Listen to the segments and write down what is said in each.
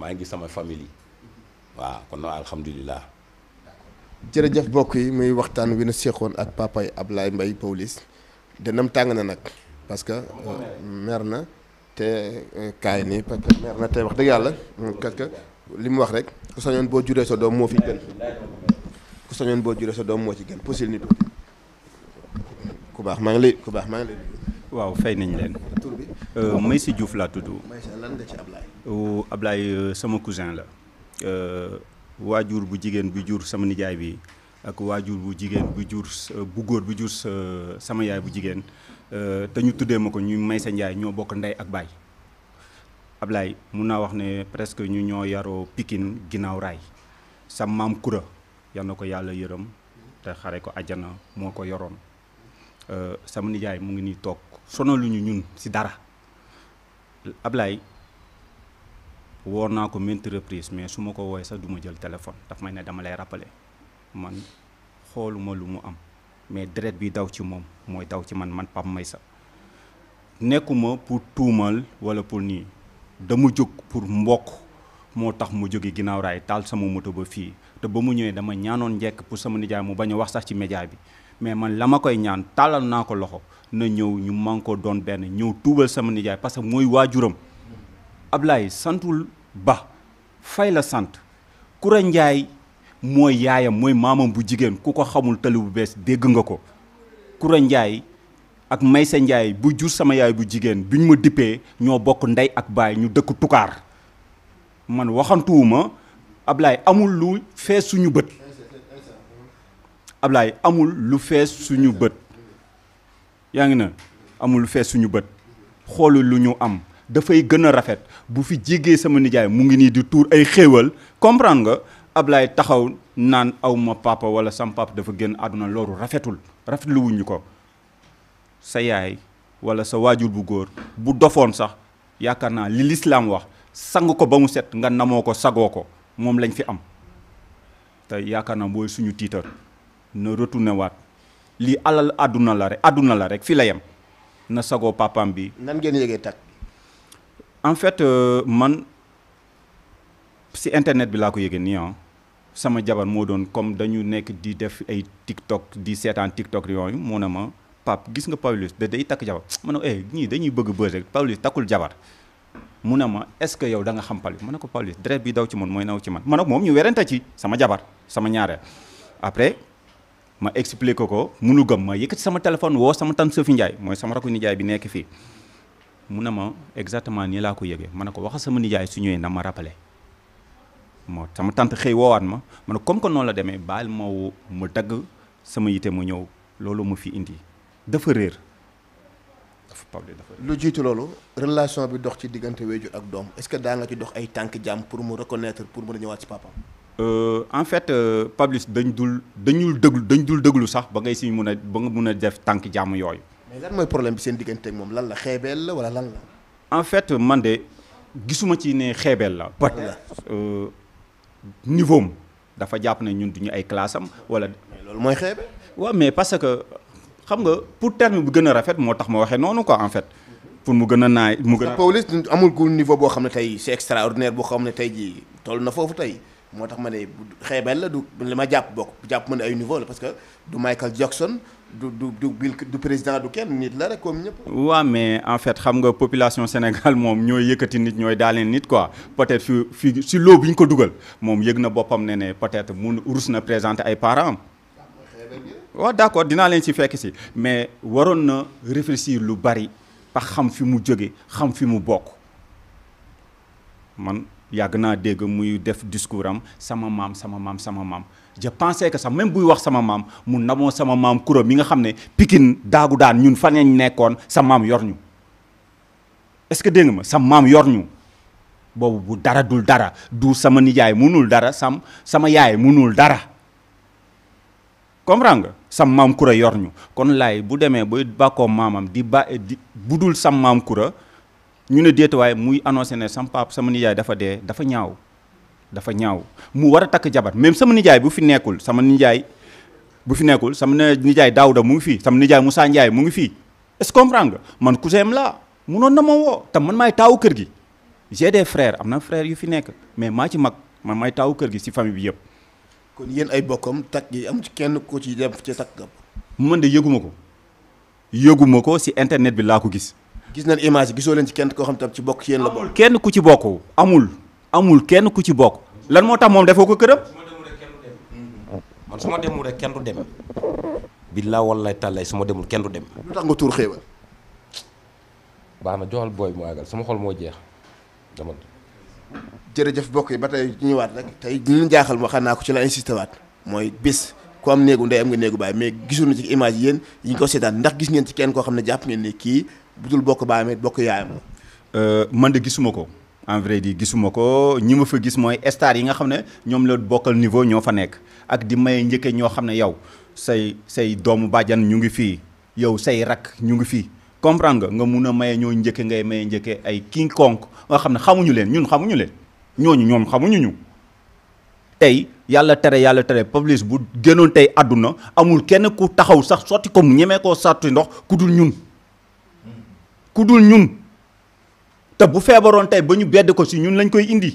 maa ngi sama famille waaw kon nag alhamdulilah. jërëjëf mbokk yi muy waxtaan wi na seqoon ak ab laay mbay Pawlish dënnam tàng na nag parce que euh, mer na te euh, kaay nii parce que mer na te wax dëgg yàlla euh, parce li mu wax rek ku sañoon boo juree sa doom moo fi gën ku sañoon boo juree sa doom moo ci gën possible ni ku baax maa ngi lay ku baax maa ngi lay. waaw fay nañ leen. Euh, Maïssa Diouf laa tudd. Maïssa lan nga ci Ablaye. Euh, Ablaye euh, sama cousin la. waajur bu jigéen bi jur sama nijaay bi ak waajur bu jigéen bu jur bu góor bu jur sama yaay bu jigéen te ñu tuddee ma ko ñu Maïssa Ndiaye ñoo bokk ndey ak baay. Ablaye mun naa wax ne presque ñu ñoo yaroo pikin ginnaaw raay sa maam Kura yal na ko yàlla yërëm te xare ko àjjana moo ko yoroon sama nijaay mu ngi nii toog sonaluñu ñun ci dara. Ablaye woo naa ko maintes reprises mais su ma ko woowee sax duma jël téléphone daf may ne dama lay rappeler man xooluma lu mu am mais deret bi daw ci moom mooy daw ci man man pam may Maïssa nekkuma pour tuumal wala pour nii dama jóg pour mbokk moo tax mu jóge ginnaaw raay taal sama moto ba fii te ba mu ñëwee dama ñaanoon njekk pour sama nijaay mu bañ a wax sax ci média bi mais man la ma koy ñaan tàllal naa ko loxo na ñëw ñu man ko doon benn ñëw tuubal sama nijaay parce que mooy waajuram Ablaye santuwul Ba fay la sant kura njaay mooy yaayam mooy maamam bu jigéen ku ko xamul tali bu bees dégg nga ko kura Ndiaye ak Maysa Ndiaye bu jur sama yaay bu jigéen bi ñu ma dippee ñoo bokk ndey ak baay ñu dëkk tukaar man waxantuwuma Ablaye amul lu fee suñu bët Ablaye amul lu fees suñu bët yaa ngi na amul lu suñu bët xoolu lu ñu am dafay gën a rafet bu fi jégee sama nijaay mu ngi nii di tuur ay xéewal comprendre nga Ablaye taxaw naan aw ma papa wala sam dafa génn àdduna loolu rafetul rafetlu wuñu ko sa yaay wala sa waajur bu góor bu dofoon sax yaakaar naa li lislaam wax sang ko ba mu set nga namoo ko sagoo ko moom lañ fi am te yaakaar naa mooy suñu tiitar na retourné waat lii alal àdduna la rek àdduna la rek fii la yem na sagoo papaam bi. nan ngeen yëgee tag en fait euh, man si internet bi laa ko yëgee nii ah sama jabar moo doon comme dañu nekk di def ay TikTok di seetaan TikTok yooyu mu ne ma pap gis nga Pawlish da day takk jabar ma ne eh ñii dañuy bëgg bës rek Pawlish takkul jabar. mu ne ma est-ce que yow nga xam Pawlish ma ne ko Pawlish deret bi daw ci man mooy naw ci man man ak moom ñu werante ci sama jabar sama ñaareel après. ma expliqué ko munu gëm ma yëkkati sama téléphone woo sama tante Sophie Ndiaye mooy sama rakku nijaay bi nekk fii mu ne ma exactement nii laa ko yëgee man ne ko waxal sama nijaay su ñëwee na ma rappelé moo sama tànt xëy woowaat ma ma ne comme que noonu la demee baal ma mu dagg sama yite mu ñëw loolu mu fi indi dafa réer. lu jiitu loolu relation bi dox ci diggante waajur ak doom est-ce que daa nga ci dox ay tànk jàmm pour mu reconnaître pour mu ñëwaat ci papaam. Euh, en fait euh, Pablis dañ dul dañul dëglu dañ dul dëglu sax ba ngay si mun a ba nga mun a def tànk jàmm yooyu. mais lan mooy problème bi seen diggante moom lan la xeebeel la wala lan la. en fait man de gisuma ci ne xeebeel la. peut être niveau am dafa jàpp ne ñun duñu ay classe am wala. loolu mooy xeebeel. waaw mais parce que xam nga pour terme bu gën a rafet moo tax ma waxee noonu ko en fait. pour mu gën a naay mu gën a. Pawlish amul ku niveau boo xam ne tey c'est extraordinaire boo xam ne tey jii toll na foofu tey. moo tax ma ne xeebel la du li ma jàpp bokk jàpp ma ay niveau la parce que du Michael Jackson du du du Bill du président du kenn nit la rek comme ñëpp. waaw mais en fait xam nga population Sénégal moom ñooy yëkkati nit ñooy daaleen nit quoi peut-être fi fi si loo bi ñu ko dugal moom yëg na boppam ne ne peut-être mun rus na présenter ay parents am. waaw d'accord dinaa leen si fekk si mais waroon na réfléchir lu bari ba xam fi mu jóge xam fi mu bokk yàgg naa dégg muy def discours am sama maam sama maam sama maam je pensais que sax même buy wax sama maam mu namoo sama maam kuréel bi nga xam ne pikin daagu daan ñun fan lañ nekkoon sa maam yor ñu est-ce que dégg ma sama maam yor ñu boobu bu dara dul dara du sama nijaay munul dara sam sama yaay munul dara comprendre nga sam maam kura yor ñu kon lay bu demee bay bàkkoo maamam di ba di budul sam maam kura ñu ne déet waaye muy annoncé ne sama sama nijaay dafa dee dafa ñaaw dafa ñaaw mu war a takk jabar même sama nijaay bu fi nekkul sama nijaay bu fi nekkul sama nijaay Daouda mu ngi fii sama nijaay Moussa Ndiaye mu ngi fii est man cousin am laa munoon na ma woo te man maay taawu kër gi j'ai des frères am na frères yu fi nekk mais maa ci mag man maay taawu kër gi si famille bi yëpp. kon yéen ay bokkam takk gi am ci kenn ko ci dem ci takk. man de yëguma ko yëguma ko si internet bi laa ko gis. gis nañ image yi gisoo leen ci kenn koo xam tam ci bokk ci yéen la bokk kenn ku ci bokk amul amul kenn ku ci bokk lan moo tax moom defoo ko këram man su ma demul rek kenn du dem billaa wallaay tàllaay su ma demul kenn du dem lu tax nga tuur xéewal baax na joxal booy mu àggal suma xol moo jeex dama jërëjëf bokk yi ba tey ñëwaat rek tey li ñu jaaxal waxaan naa ko ci la insisté waat mooy bis ku am néegu ndey am nga néegu baay mais gisuñu ci image yéen yi ñu ko seetaan ndax gis neen ci kenn koo xam ne jàpp ngeen ne kii bu dul bokk baayam bokk yaayam la. Euh, man de gisuma ko en di gisuma ko ñi ma fa gis mooy star yi nga xam ne ñoom la bokkal niveau ñoo fa nekk ak di maye njëkke ñoo xam ne yow say say doomu bàjjan ñu ngi fii yow say rak ñu ngi fii comprendre nga nga mun a maye ñoo njëkke ngay maye njëkke ay king kong nga xam ne xamuñu leen ñun xamuñu leen ñooñu ñoom xamuñu ñu tey yàlla tere yàlla tere Pawlish bu gënoon tey àdduna amul kenn ku taxaw sax sotti ko ñemee koo sotti ndox ku dul ku dul ñun te bu feebaroon tey ba ñu bedd ko si ñun lañ koy indi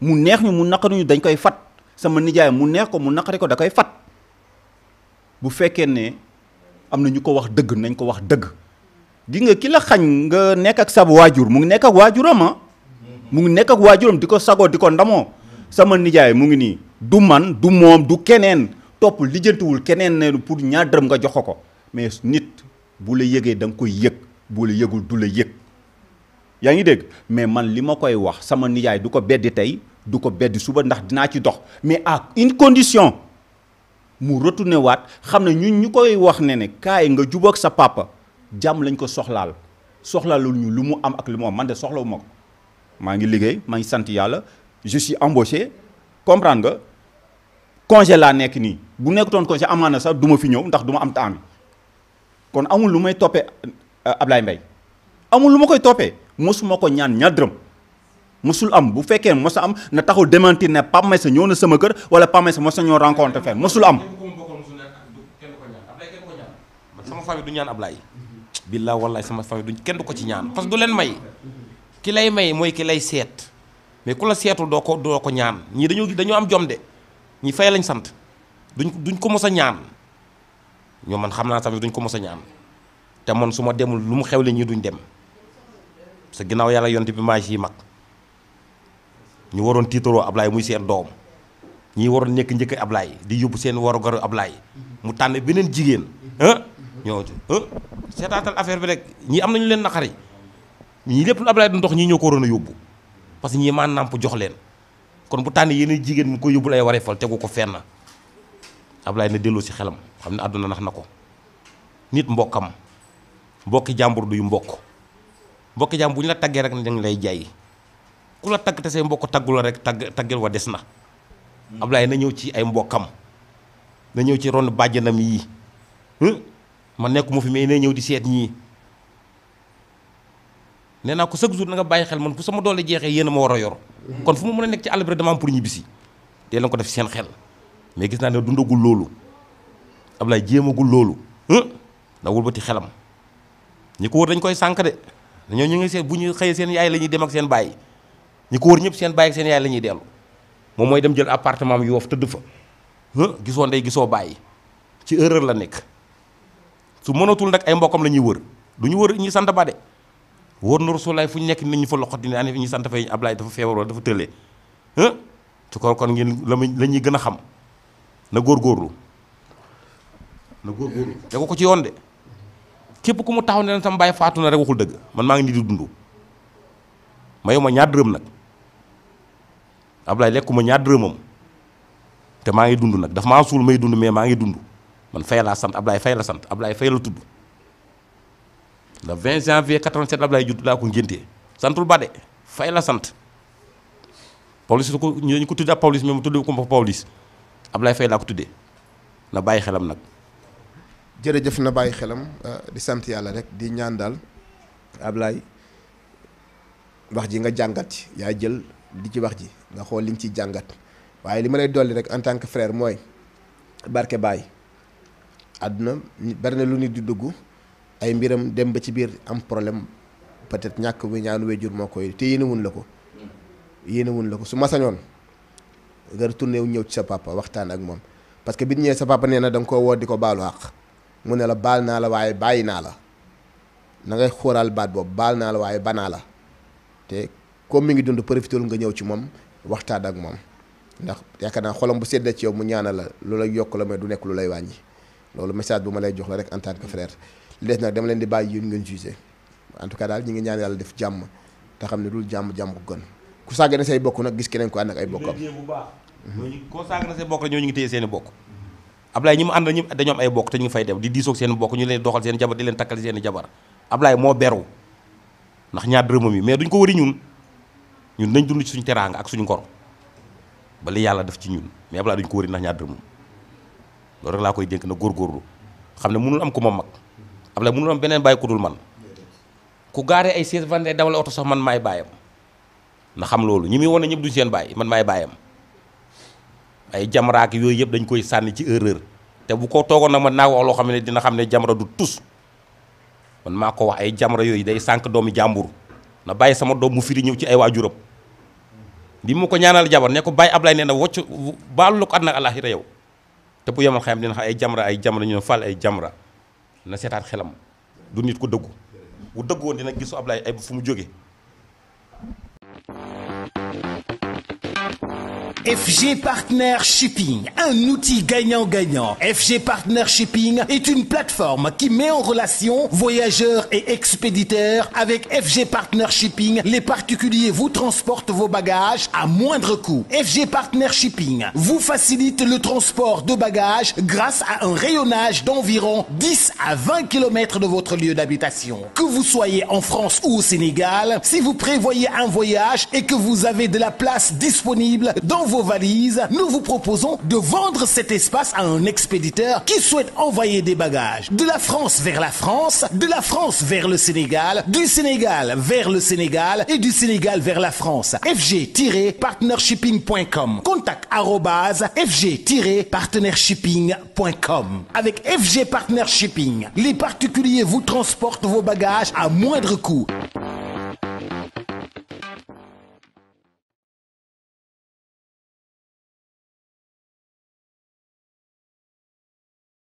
mu neex ñu mu naqaruñu dañ koy fat sama nijaay mu neex ko mu naqari ko da koy fat bu fekkee ne am na ñu ko wax dëgg nañ ko wax dëgg di nga ki la xañ nga nekk ak sab waajur mu ngi nekk ak waajuram ah. mu ngi nekk ak waajuram di ko sagoo di ko ndamoo sama nijaay mu ngi nii du man du moom du keneen topp lijjantiwul keneen ne pour ñaar dërëm nga jox ko ko mais nit bu la yëgee da nga koy yëg bu la du la yëg yaa ngi dégg mais man li ma koy wax sama nijaay du ko beddi tey du ko beddi suba ndax dinaa ci dox mais à une condition mu retourné waat xam ne ñun ñu koy wax ne ne kaay nga jubóog sa papa jàmm lañ ko soxlaal soxlaalul ñu lu mu am ak lu mu am man de soxlawu ma ko maa ngi liggéey maa ngi sant yàlla je suis embauché nga congé laa nekk nii bu nekk nekkutoon congé na sax du ma fi ñëw ndax duma am temps kon amul lu may toppee Euh, Ablaye mbay amul lu ma koy toppee mosuma ko ñaan ñaar dërëm mosul am bu fekkee mos a am na taxul démentir ne Pape Maissa ñëw na sama kër wala Pape Maissa mos nañoo rencontre fenn mosul am. sama famille du ñaan Ablaye. billaa wallaay sama famille du kenn du ko ci ñaan parce que leen may. ki lay may mooy ki lay seet mais ku la seetul doo ko doo ko ñaan ñii dañoo dañoo am jom de fay lañ sant duñ duñ ko mos a ñaan ñoom man xam naa tamit duñ ko mos a ñaan. te man su ma demul lu mu xew xewle ñi duñ dem parce ginnaaw yàlla yonte bi maa ci mag ñu waroon tiitaroo Ablaye muy seen doom ñi waroon nekk njëkk ablaay di yóbbu seen warugaru ablaay mu tànn beneen jigéen ah ñoo seetaatal affaire bi rek ñii am nañu leen naqari ñii lépp lu Ablaye du ndox ñii ñoo ko waroon a yóbbu parce que ñii maa nàmp jox leen kon bu tànn yeneen jigéen mu ko yóbbul ay wareefal tegu ko fenn Ablaye na delloo si xelam xam ne àdduna nax na ko nit mbokkam mbokki jàmbur duy mbokk mbokki jàmbur bu ñu la taggee rek dañ lay jaay ku la tagg te say mbokk taggu rek tagg taggel wa des na hmm. Ablaye na ñëw ci ay mbokkam na ñëw ci ron bàjjanam yii ma nekk mu fi mais na ñëw di seet ñii nee naa ko chaque jour na nga bàyyi xel man bu sama doole jeexee yéen ma war a yor hmm. kon fu mu mën a nekk ci àll bi rek dama am pour ñibbisi dee leen ko def seen xel mais gis naa ne dundagul loolu ab Ablaye jéemagul loolu na wëlbati xelam ñi ko wër dañ koy sànq de ñoo ñu ngi seen bu ñu xëyee seen yaay la ñuy dem ak seen baay ñi ko wër ñëpp seen baay ak seen yaay la ñuy dellu moom mooy dem jël appartement am yoof tëdd fa gisoo ndey gisoo bàyyi ci erreur la nekk su mënatul nag ay mbokkam la ñuy wër du ñu wër ñi sant ba de wóor na Rasulaay fu ñu nekk nit ñu fa loxo dina ne ñi sant fay Ablaay dafa feebar wala dafa tëlee su ko kon ngeen la la ñuy gën a xam na góorgóorlu na góorgóorlu da ko ko ci yoon de képp ku mu taxaw ne sama baay faatu na rek waxul dëgg man maa ngi nii di dund mayu ma ñaar dërëm nag Ablaye lekkuma ñaar dërëmam te maa ngi dund nag dafa maa suul may dund mais maa ngi dund man Faye laa sant Ablaye Faye la sant Ablaye Faye la tudd le 20 janvier 87 Ablaye judd laa ko ngéntee santul Bade Faye la sant Pawlish ko ñu ko tudd ab Pawlish mais mu tudd ko Pawlish Ablaye Faye laa ko tuddee na bàyyi xelam nag. jërëjëf na bàyyi xelam euh, di sant yàlla rek di ñaan daal Ablaye wax ji nga jàngat ci yaa jël di ci wax ji nga xool li nga ciy jàngat waaye li ma lay dolli rek en tant que frère mooy barke Baye àdduna bari na lu nit di dugg ay mbiram dem ba ci biir am problème peut-être ñàkk wi ñaan wéjur moo koy te yéenewuñ la ko yéenewuñ la ko su ma sañoon nga retourné wu ñëw ci sa papa waxtaan ak moom parce que bi ñëwee sa papa nee na da nga koo woo di ko baalu àq mu ne la baal naa la waaye bàyyi naa la na ngay xóoraal baat boobu baal naa la waaye banaa la te comme mi ngi dund profitewul nga ñëw ci moom waxtaan ak moom ndax yaakaar naa xolam bu seddee ci yow mu ñaana la lu lay yokk la mais du nekk lu lay wàññi loolu message bu ma lay jox la rek entante tant que frère li des nag dama leen di bàyyi yéen ngeen jugé en tout cas daal ñu ngi ñaan yàlla def jàmm te xam ne dul jàmm jàmm ko gën ku ne say bokk nag gis keneen ko ànd ay bokkam. bu baax. bokk ñoo ñu ngi téye seen bokk. Ablaye ñi mu àndal ñi dañoo am ay bokk te ñu ngi fay dem di diisoog seen bokk ñu leen doxal seen jabar di leen takkal seen jabar Ablaye moo beru ndax ñaar dërëmam yi mais duñ ko wari ñun ñun nañ dund suñu teraanga ak suñu ngor ba yàlla def ci ñun mais Ablaye duñ ko wari ndax ñaar dërëmam loolu rek laa koy dénk na góorgóorlu xam ne mënul am ku ma mag Ablaye mënul am beneen bàyyi ku dul man ku gaare ay siège vende dawal oto sax man maay bàyyam na xam loolu ñi muy wane ñëpp duñ seen bàyyi man maay baayam ay jamraak yooyu yëpp dañ koy sànni ci erreur te bu ko toogoon nag ma naa wax loo xam ne dina xam ne jamra du tus man maa ko wax ay jamra yooyu day sànq doomi jàmbur na bàyyi sama doom mu firi ñëw ci ay waajuram li mu ko ñaanal jabar ne ko bàyyi Ablaye nee na wocc baalu la ko àddina ak àllaaxira yow te bu yemal xam dina xam ay jamra ay jamra ñu ne ay jamra na seetaat xelam du nit ko dëggu bu dëggu woon dina gisu Ablaye ay fu mu jóge FG Partner Shipping, un outil gagnant-gagnant. FG Partner Shipping est une plateforme qui met en relation voyageurs et expéditeurs. Avec FG Partner Shipping, les particuliers vous transportent vos bagages à moindre coût. FG Partner Shipping vous facilite le transport de bagages grâce à un rayonnage d'environ 10 à 20 km de votre lieu d'habitation. Que vous soyez en France ou au Sénégal, si vous prévoyez un voyage et que vous avez de la place disponible dans vos valises, nous vous proposons de vendre cet espace à un expéditeur qui souhaite envoyer des bagages de la France vers la France, de la France vers le Sénégal, du Sénégal vers le Sénégal et du Sénégal vers la France. fg-partnershipping.com. Contact arobase fg-partnershipping.com. Avec FG Partnershipping, les particuliers vous transportent vos bagages à moindre coût.